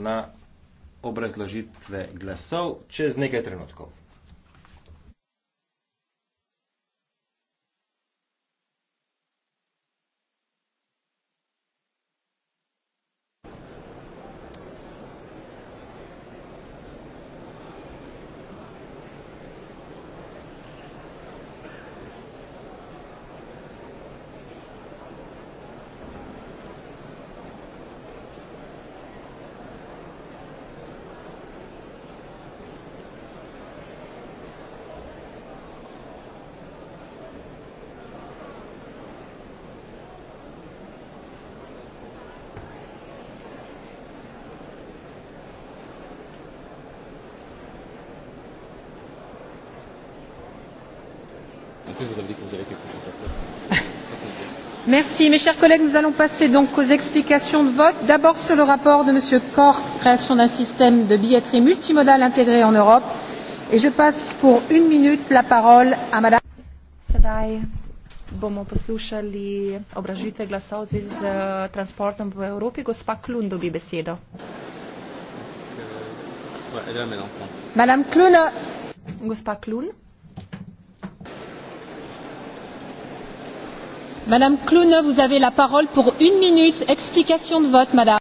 na obrazložitve glasov čez nekaj trenutkov. vous avez déposé quelque chose après. Merci. Mes chers collègues, nous allons passer donc aux explications de vote. D'abord sur le rapport de M. Korch, création d'un système de billetterie multimodale intégré en Europe. Et je passe pour une minute la parole à Madame. Sedaj bomo poslušali obražitve glasov v zvezi z eh, transportom v Evropi. Gospa Klun dobi besedo. Madame Klun. Gospa Klun. Madame Clune, vous avez la parole pour une minute. Explication de vote, madame.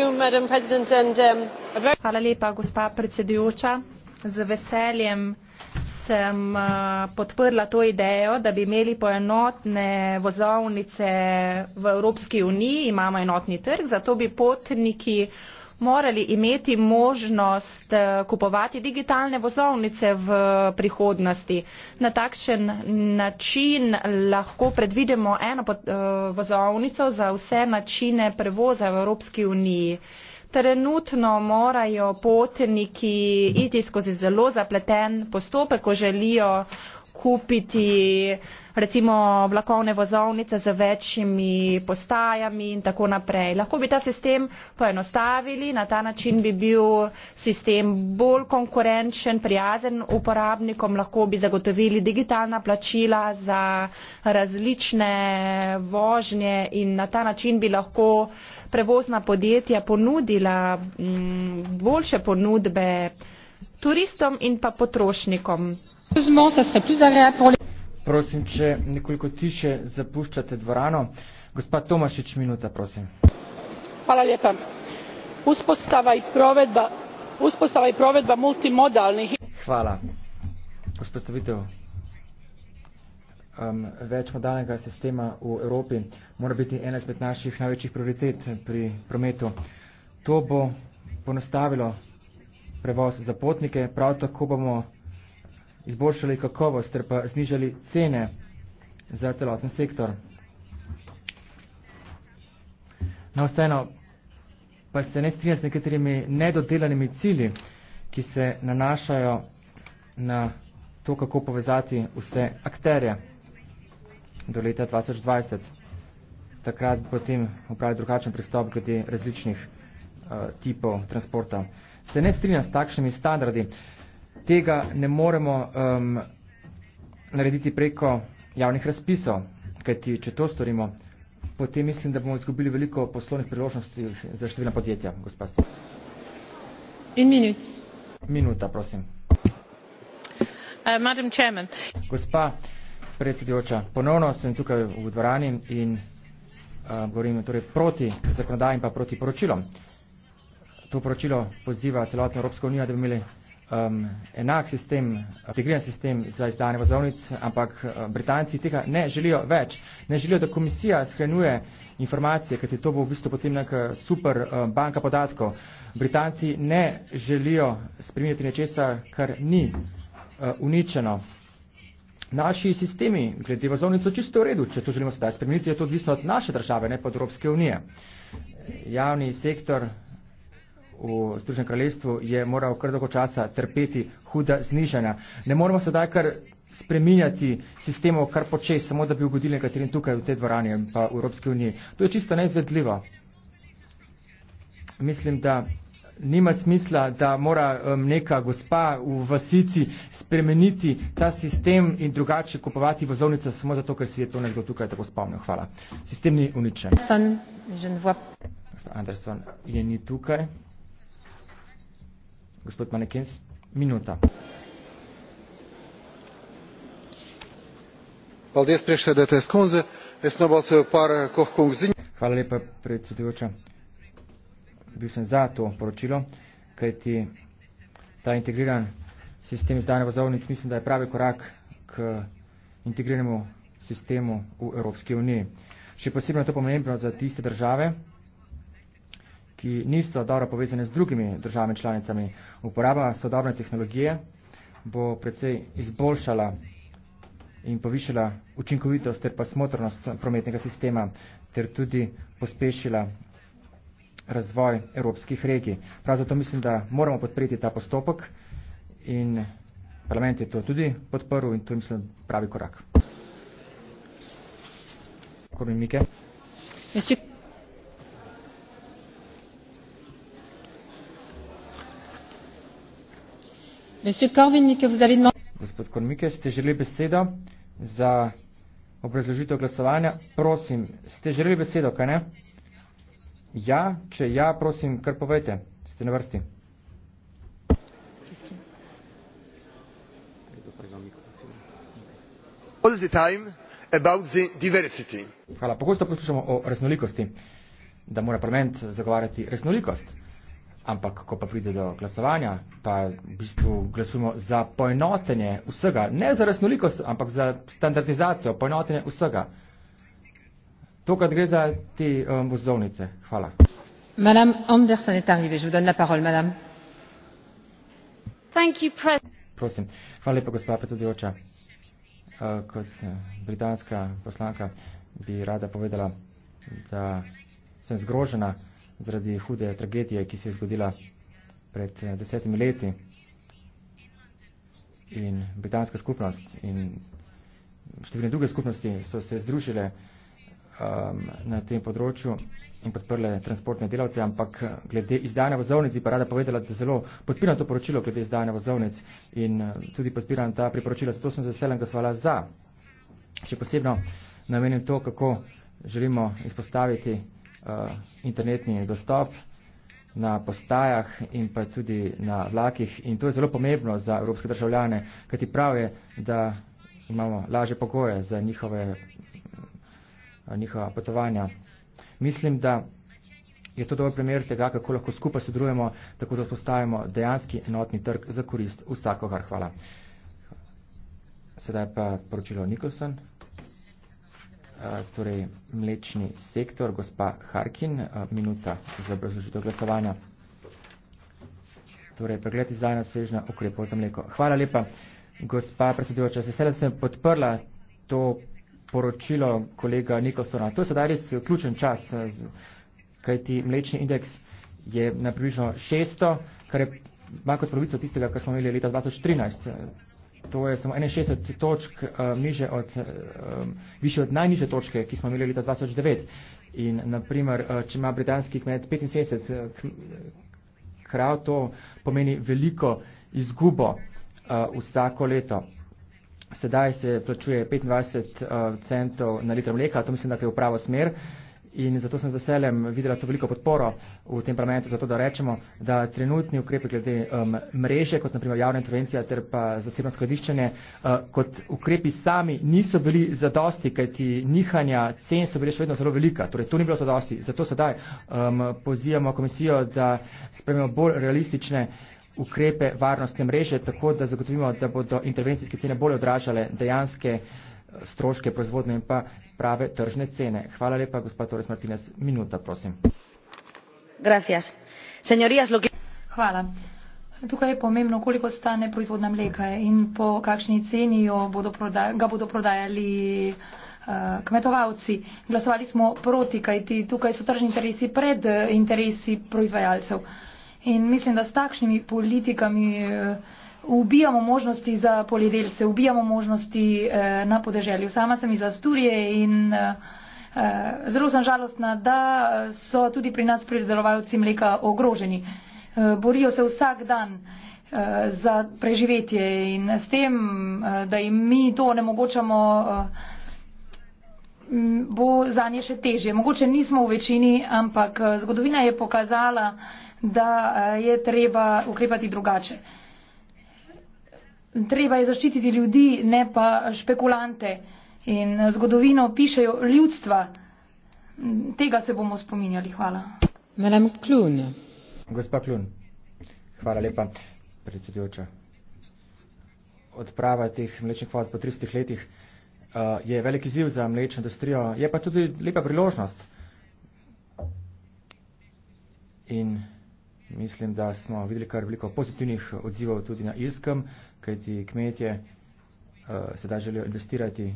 Um, Hvala lepa, gospa predsedujoča. Z veseljem sem uh, podprla to idejo, da bi imeli poenotne vozovnice v Evropski uniji. Imamo enotni trg, zato bi potniki morali imeti možnost eh, kupovati digitalne vozovnice v prihodnosti. Na takšen način lahko predvidimo eno eh, vozovnico za vse načine prevoza v Evropski uniji. Trenutno morajo potniki iti skozi zelo zapleten postopek, ko želijo kupiti recimo vlakovne vozovnice z večjimi postajami in tako naprej. Lahko bi ta sistem poenostavili, na ta način bi bil sistem bolj konkurenčen, prijazen uporabnikom, lahko bi zagotovili digitalna plačila za različne vožnje in na ta način bi lahko prevozna podjetja ponudila mm, boljše ponudbe turistom in pa potrošnikom. Prosim, če nekoliko tiše zapuščate dvorano. Gospa Tomašić, minuta, prosim. Hvala lijepa. Uspostava i provedba, uspostava i provedba multimodalnih... Hvala. Uspostavitev um, večmodalnega sistema v Evropi mora biti ena izmed naših največjih prioritet pri prometu. To bo ponostavilo prevoz za potnike, prav tako bomo izboljšali kakovost ter pa znižali cene za celoten sektor. No, vseeno, pa se ne strinja z nekaterimi nedodelanimi cilji, ki se nanašajo na to, kako povezati vse akterje do leta 2020. Takrat potem upravi drugačen pristop glede različnih uh, tipov transporta. Se ne strinja s takšnimi standardi. Uh, tega ne moremo um, narediti preko javnih razpisov, kajti če to storimo, potem mislim, da bomo izgubili veliko poslovnih priložnosti za številna podjetja. In minut. Minuta, prosim. Uh, Gospa predsedujoča, ponovno sem tukaj v dvorani in uh, govorim torej proti zakonodaji in pa proti poročilom. To poročilo poziva celotno Evropsko unijo, da bi imeli um, enak sistem, integriran sistem za izdanje vozovnic, ampak uh, Britanci tega ne želijo več. Ne želijo, da komisija shranjuje informacije, kajti to bo v bistvu potem neka super uh, banka podatkov. Britanci ne želijo spremljati nečesa, kar ni uh, uničeno. Naši sistemi glede vozovnic so čisto v redu, če to želimo sedaj spremeniti, je to odvisno od naše države, ne pa od Evropske unije. Javni sektor v Združenem kraljestvu je moral kar dolgo časa trpeti huda znižanja. Ne moremo sedaj kar spreminjati sistemov kar počej, samo da bi ugodili nekaterim tukaj v tej dvorani in pa v Evropski uniji. To je čisto neizvedljivo. Mislim, da nima smisla, da mora um, neka gospa v vasici spremeniti ta sistem in drugače kupovati vozovnice samo zato, ker si je to nekdo tukaj tako spomnil. Hvala. Sistem ni uničen. Anderson je ni tukaj. Gospod Manekens, minuta. Hvala lepa, predsedujoča. Bil sem za to poročilo, kajti ta integriran sistem izdane vozovnic mislim, da je pravi korak k integriranemu sistemu v Evropski uniji. Še posebno je to pomembno za tiste države, ki niso dobro povezane z drugimi državami članicami. Uporaba sodobne tehnologije bo precej izboljšala in povišala učinkovitost ter pa smotrnost prometnega sistema ter tudi pospešila razvoj evropskih regij. Prav zato mislim, da moramo podpreti ta postopek in parlament je to tudi podprl in to je, mislim, pravi korak. Komi Mike. Monsieur. Gospod Kornike, ste želeli besedo za obrazložitev glasovanja? Prosim, ste želeli besedo, kaj ne? Ja, če ja, prosim, kar povejte, ste na vrsti. Hvala, pogosto poslušamo o raznolikosti, da mora parlament zagovarjati raznolikost. Ampak, ko pa pride do glasovanja, pa v bistvu glasujemo za poenotenje vsega, ne za raznolikost, ampak za standardizacijo, poenotenje vsega. To, kar gre za te um, vozovnice. Hvala. Prosim. Hvala lepa, gospod predsedujoča. Uh, kot uh, britanska poslanka bi rada povedala, da sem zgrožena zaradi hude tragedije, ki se je zgodila pred eh, desetimi leti. In britanska skupnost in številne druge skupnosti so se združile um, na tem področju in podprle transportne delavce, ampak eh, glede izdajanja vozovnic bi pa rada povedala, da zelo podpiram to poročilo glede izdajanja vozovnic in eh, tudi podpiram ta priporočila, zato sem veselen glasovala za. Še posebno namenim to, kako želimo izpostaviti uh, internetni dostop na postajah in pa tudi na vlakih. In to je zelo pomembno za evropske državljane, kajti prav je, da imamo laže pogoje za njihove, eh, njihova potovanja. Mislim, da je to dober primer tega, kako lahko skupaj sodelujemo, tako da vzpostavimo dejanski enotni trg za korist vsakogar. Hvala. Sedaj pa poročilo Nikolson. Eh, torej mlečni sektor, gospa Harkin, eh, minuta za obrazložitev glasovanja. Torej, pregled izdajanja svežna ukrepov za mleko. Hvala lepa, gospa predsedujoča. Z veseljem sem podprla to poročilo kolega Nikolsona. To je sedaj res ključen čas, eh, kajti mlečni indeks je na približno 600, kar je manj kot polovico tistega, kar smo imeli leta 2013 to je samo 61 točk uh, eh, niže od, uh, eh, više od najniže točke, ki smo imeli leta 2009. In naprimer, uh, eh, če ima britanski kmet 65 uh, krav, to pomeni veliko izgubo uh, vsako leto. Sedaj se plačuje 25 uh, centov na litr mleka, to mislim, da je v pravo smer. Uh, in zato sem z veseljem videla to veliko podporo v tem parlamentu za to, da rečemo, da trenutni ukrepi glede um, mreže, kot naprimer javna intervencija ter pa zasebno skladiščenje, uh, kot ukrepi sami niso bili zadosti, kajti nihanja cen so bile še vedno zelo velika. Torej, to ni bilo zadosti. Zato sedaj um, pozivamo komisijo, da spremimo bolj realistične ukrepe varnostne mreže, tako da zagotovimo, da bodo intervencijske cene bolje odražale dejanske stroške proizvodne in pa prave tržne cene. Hvala lepa, gospod Torres Martinez. Minuta, prosim. Hvala. Tukaj je pomembno, koliko stane proizvodna mleka in po kakšni ceni bodo prodaj, ga bodo prodajali eh, kmetovalci. Glasovali smo proti, kajti tukaj so tržni interesi pred eh, interesi proizvajalcev. In mislim, da s takšnimi politikami. Eh, ubijamo možnosti za poljedelce, ubijamo možnosti eh, na podeželju. Sama sem iz Asturije in eh, eh, zelo sem žalostna, da so tudi pri nas pridelovalci mleka ogroženi. Eh, borijo se vsak dan eh, za preživetje in s tem, eh, da jim mi to onemogočamo, eh, bo za nje še težje. Mogoče nismo v večini, ampak eh, zgodovina je pokazala, da eh, je treba ukrepati drugače. Uh, treba je zaščititi ljudi, ne pa špekulante. In eh, zgodovino pišejo ljudstva. Tega se bomo spominjali. Hvala. Menem Klun. Gospa Klun, hvala lepa, predsedujoča. Odprava teh mlečnih vod po 30 letih uh, je veliki ziv za mlečno industrijo, je pa tudi lepa priložnost. In Mislim, da smo videli kar veliko pozitivnih odzivov tudi na Irskem, kajti kmetje uh, sedaj želijo investirati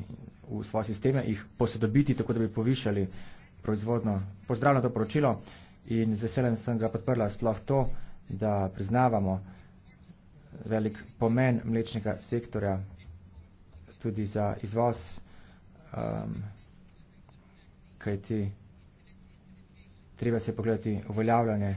v svoje sisteme, jih posodobiti, tako da bi povišali proizvodno. Pozdravljam to poročilo in z veseljem sem ga podprla sploh to, da priznavamo velik pomen mlečnega sektorja tudi za izvoz, um, kajti treba se pogledati uveljavljanje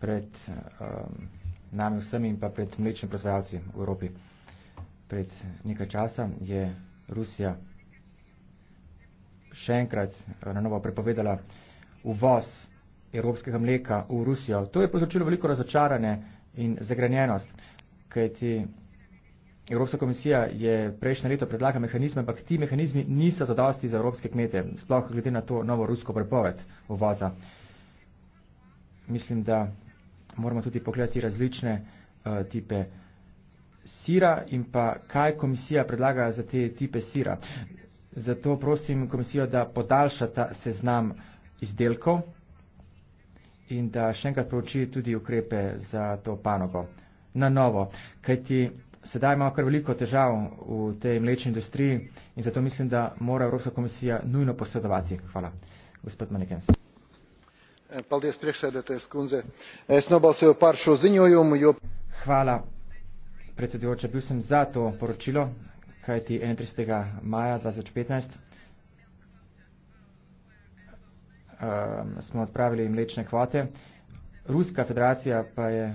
pred uh, nami vsemi in pa pred mlečnimi proizvajalci v Evropi. Pred nekaj časa je Rusija še enkrat uh, na novo prepovedala uvoz evropskega mleka v Rusijo. To je povzročilo veliko razočaranje in zagranjenost, kajti Evropska komisija je prejšnje leto predlaga mehanizme, ampak ti mehanizmi niso zadosti za evropske kmete, sploh glede na to novo rusko prepoved uvoza. Mislim, da moramo tudi pogledati različne uh, tipe sira in pa kaj komisija predlaga za te tipe sira. Zato prosim komisijo, da podaljša ta seznam izdelkov in da še enkrat prouči tudi ukrepe za to panogo. Na novo, kajti sedaj imamo kar veliko težav v tej mlečni industriji in zato mislim, da mora Evropska komisija nujno posredovati. Hvala. Gospod Manikens paldies priekšsēdētājas kundze es nobalsoju par šo ziņojumu jo hvala predsedujoča bil sem za to poročilo kajti 31. maja 2015 uh, ehm, smo odpravili mlečne kvote ruska federacija pa je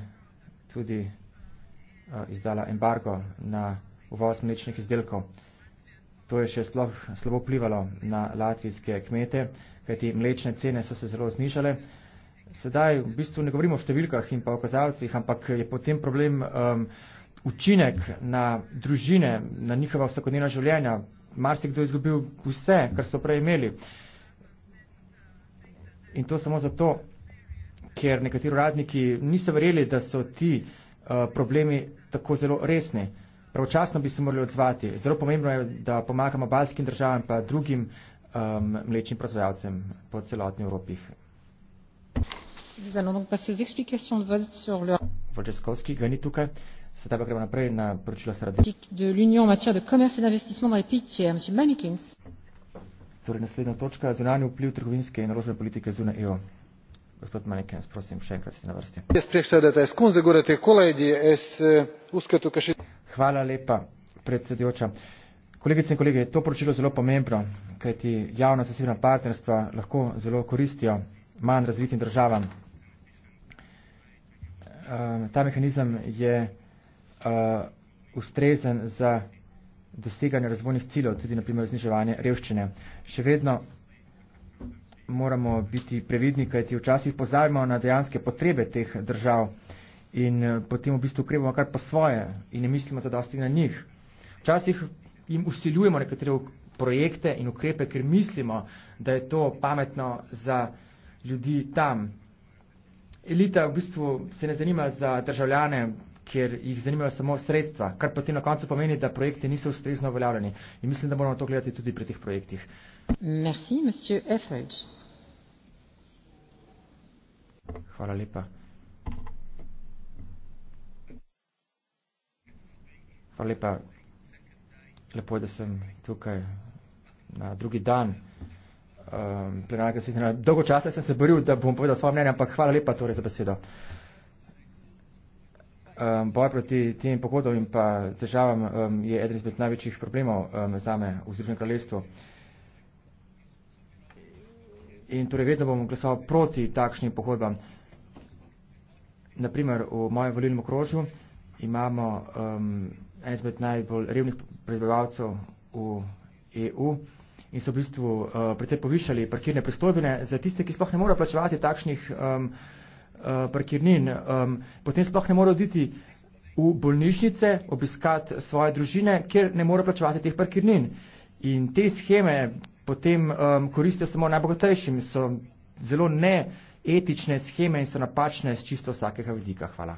tudi uh, izdala embargo na uvoz mlečnih izdelkov to je še sploh slabo vplivalo na latvijske kmete kajti mlečne cene so se zelo znižale. Sedaj v bistvu ne govorimo o številkah in pa o kazalcih, ampak je potem problem um, učinek na družine, na njihova vsakodnevna življenja. Marsikdo je izgubil vse, kar so prej imeli. In to samo zato, ker nekateri uradniki niso verjeli, da so ti uh, problemi tako zelo resni. Pravočasno bi se morali odzvati. Zelo pomembno je, da pomagamo balskim državam in drugim uh, um, mlečnim proizvajalcem po celotni Evropi. Vojčeskovski ga ni tukaj. Sedaj pa gremo naprej na poročilo sredi. Torej naslednja točka, zunanje vpliv trgovinske in naložbene politike zunaj EU. Gospod Manikens, prosim, še enkrat ste na vrsti. Eh, Hvala lepa, predsedujoča. Uh, Kolegice in kolege, to poročilo je zelo pomembno, kajti javna zasebna partnerstva lahko zelo koristijo manj razvitim državam. Ehm, ta mehanizem je eh, ustrezen za doseganje razvojnih ciljev, tudi na primer zniževanje revščine. Še vedno moramo biti previdni, kajti včasih pozabimo na dejanske potrebe teh držav in eh, potem v bistvu ukrepamo kar po svoje in ne mislimo zadosti na njih. Včasih jim usiljujemo nekatere projekte in ukrepe, ker mislimo, da je to pametno za ljudi tam. Elita v bistvu se ne zanima za državljane, ker jih zanimajo samo sredstva, kar pa ti na koncu pomeni, da projekti niso ustrezno uveljavljeni. In mislim, da moramo to gledati tudi pri teh projektih. Merci, monsieur Efferge. Hvala lepa. Hvala lepa, Lepo, da sem tukaj na drugi dan. Um, plenarka se izmena. Dolgo časa sem se boril, da bom povedal svoje mnenje, ampak hvala lepa torej za besedo. Um, boj proti tem pogodom in pa državam um, je eden izmed največjih problemov um, za me v Združenem kraljestvu. In torej vedno bom glasoval proti takšnim pogodbam. Naprimer, v mojem volilnem okrožju imamo um, en izmed najbolj revnih prebivalcev v EU in so v bistvu uh, eh, predvsej povišali parkirne pristojbine za tiste, ki sploh ne morejo plačevati takšnih um, uh, parkirnin, um, potem sploh ne morejo oditi v bolnišnice, obiskati svoje družine, ker ne morejo plačevati teh parkirnin. In te scheme potem um, koristijo samo najbogatejšim, so zelo neetične scheme in so napačne z čisto vsakega vidika. Hvala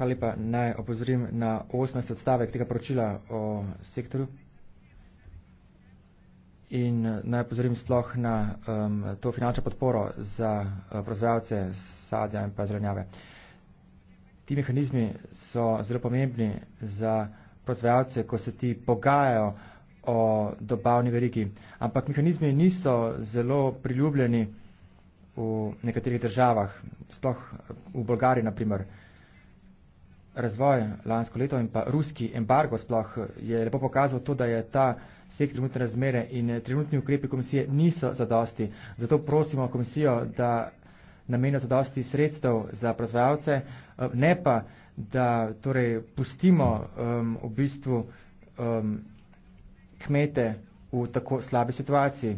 Hvala lepa. Naj opozorim na 18 odstavek tega poročila o sektorju. In naj opozorim sploh na um, to finančno podporo za uh, proizvajalce sadja in pa zelenjave. Ti mehanizmi so zelo pomembni za proizvajalce, ko se ti pogajajo o dobavni verigi. Ampak mehanizmi niso zelo priljubljeni v nekaterih državah, sploh v Bolgariji, naprimer razvoj lansko leto in pa ruski embargo sploh je lepo pokazal to, da je ta sektor trenutne razmere in eh, trenutni ukrepi komisije niso zadosti. Zato prosimo komisijo, da namenja zadosti sredstev za proizvajalce, eh, ne pa, da torej pustimo um, v bistvu um, kmete v tako slabi situaciji.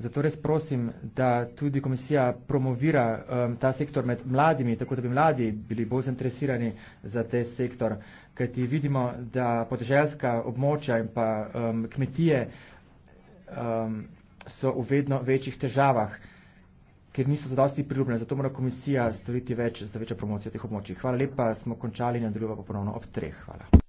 Zato res prosim, da tudi komisija promovira um, ta sektor med mladimi, tako da bi mladi bili bolj zainteresirani za te sektor, kajti vidimo, da podeželska območja in pa um, kmetije um, so v vedno večjih težavah, ker niso zadosti priljubljene. Zato mora komisija storiti več za večjo promocijo teh območij. Hvala lepa, smo končali in nadaljujemo ponovno ob treh. Hvala.